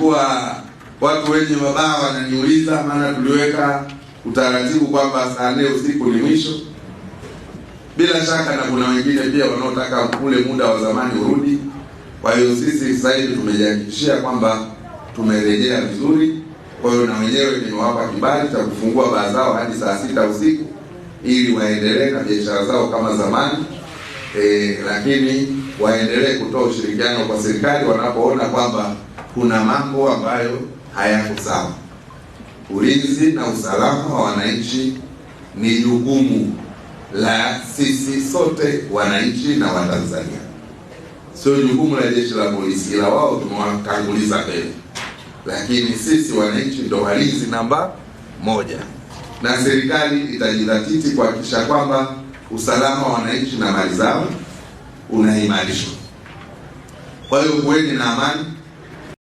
nilikuwa watu wenye mabawa wananiuliza, maana tuliweka utaratibu kwamba saa nne usiku ni mwisho. Bila shaka na kuna wengine pia wanaotaka ule muda wa zamani urudi. Kwa hiyo sisi sasa hivi tumejihakikishia kwamba tumerejea vizuri. Kwa hiyo na wenyewe nimewapa kibali cha kufungua baa zao hadi saa sita usiku ili waendelee na biashara zao kama zamani. E, lakini waendelee kutoa ushirikiano kwa serikali wanapoona kwamba kuna mambo ambayo hayako sawa. Ulinzi na usalama wa wananchi ni jukumu la sisi sote wananchi na Watanzania, sio jukumu la jeshi la polisi, ila wao tumewatanguliza mbele, lakini sisi wananchi ndo walinzi namba moja, na serikali itajidhatiti kuhakikisha kwamba usalama wa wananchi na mali zao unaimarishwa. Kwa hiyo kuweni na amani.